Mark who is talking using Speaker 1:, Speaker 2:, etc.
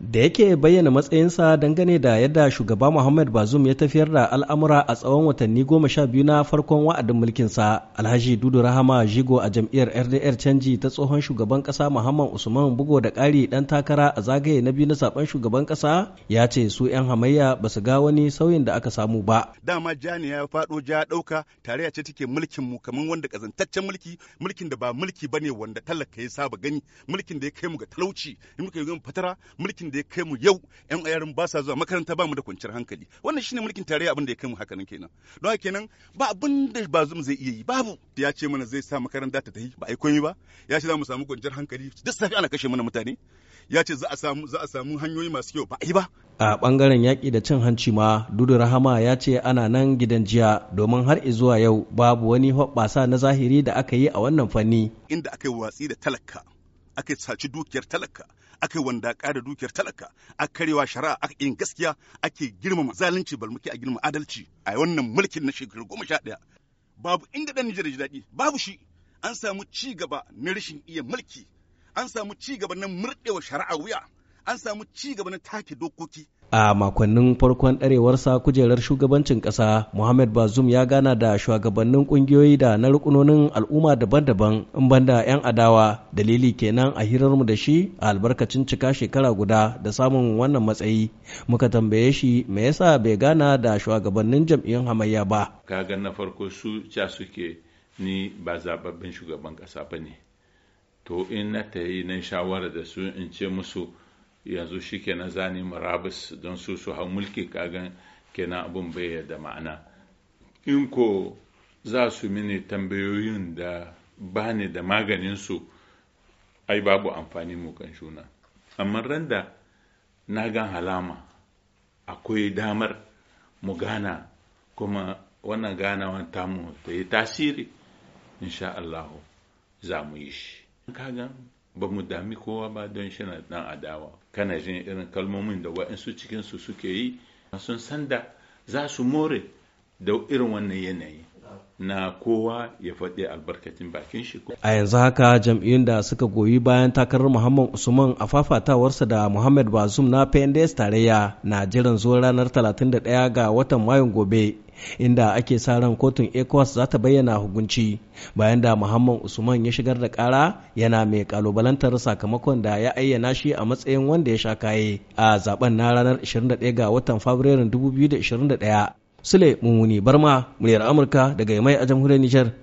Speaker 1: da yake bayyana matsayinsa dangane da yadda shugaba muhammad bazum ya tafiyar da al'amura a tsawon watanni goma sha biyu na farkon wa'adin mulkinsa alhaji dudu rahama jigo a jam'iyyar rdr canji ta tsohon shugaban kasa muhammad usman bugo da ƙari dan takara a zagaye na biyu na saben shugaban kasa ya ce su 'yan hamayya ba su ga wani sauyin da aka samu ba
Speaker 2: dama jani ya faɗo ja ɗauka tarayya ce take mulkin mu kamar wanda kazantaccen mulki mulkin da ba mulki bane wanda talaka ya saba gani mulkin da ya kai mu ga talauci mulkin fatara mulkin abin da ya kai mu yau yan ayarin ba sa zuwa makaranta ba mu da kwanciyar hankali wannan shine mulkin tarayya abin da ya kai mu haka nan kenan don haka kenan ba abin da zumu zai iya yi babu ya ce mana zai sa makaranta ta tafi ba ai komai ba ya ce za mu samu kwanciyar hankali duk safi ana kashe mana mutane ya ce za a samu za a samu hanyoyi masu kyau ba ai ba
Speaker 1: a bangaren yaƙi da cin hanci ma dudu rahama ya ce ana nan gidan jiya domin har zuwa yau babu wani hoɓɓasa na zahiri da aka yi a wannan fanni
Speaker 2: inda aka yi watsi da talaka aka saci dukiyar talaka aka yi wanda da dukiyar talaka a karewa shari'a aka yin gaskiya ake girmama zalunci balmuki a girma adalci a wannan mulkin na shekaru goma sha ɗaya babu inda ɗan Nijar ji daɗi babu shi an samu ci gaba na rashin iya mulki an samu ci gaba na murɗewa shari'a wuya an samu ci gaba na take
Speaker 1: dokoki a makonnin farkon ɗarewarsa kujerar shugabancin ƙasa muhammad bazum ya gana da shugabannin ƙungiyoyi da na rukunonin al'umma daban-daban in banda 'yan adawa dalili kenan a hirarmu da shi a albarkacin cika shekara guda da samun wannan matsayi muka tambaye shi me yasa bai gana da shugabannin jam'iyyun hamayya ba
Speaker 3: kaga na farko su ca suke ni ba zababben shugaban ƙasa ba to in na tayi nan shawara da su in ce musu yanzu shi na zane marabus don su su hau mulki kagan kenan abun baya da ma'ana in ko za su mini tambayoyin da ba ni da maganinsu ai babu amfani mu kan shuna amma randa na gan halama akwai damar mu gana kuma wannan ganawan tamu ta yi tasiri insha Allah za mu yi shi ba mu dami kowa ba don shi na dan adawa kana jin irin kalmomin da cikin su suke yi sun sanda za su more da irin wannan yanayi na kowa ya faɗi albarkacin bakin shi
Speaker 1: a yanzu haka jam'iyyun da suka goyi bayan takarar muhammad usman a fafatawarsa da muhammad bazum na pnds tarayya na jiran zuwa ranar 31 ga watan mayun gobe inda ake sa ran kotun ecowas za ta bayyana hukunci bayan da muhammad usman ya shigar da kara yana mai kalubalantar sakamakon da ya ayyana shi a matsayin wanda ya sha kaye a zaben na ranar 21 ga watan fabrairun 2021 sule mummuni barma muryar amurka daga mai a jamhuriyar nijar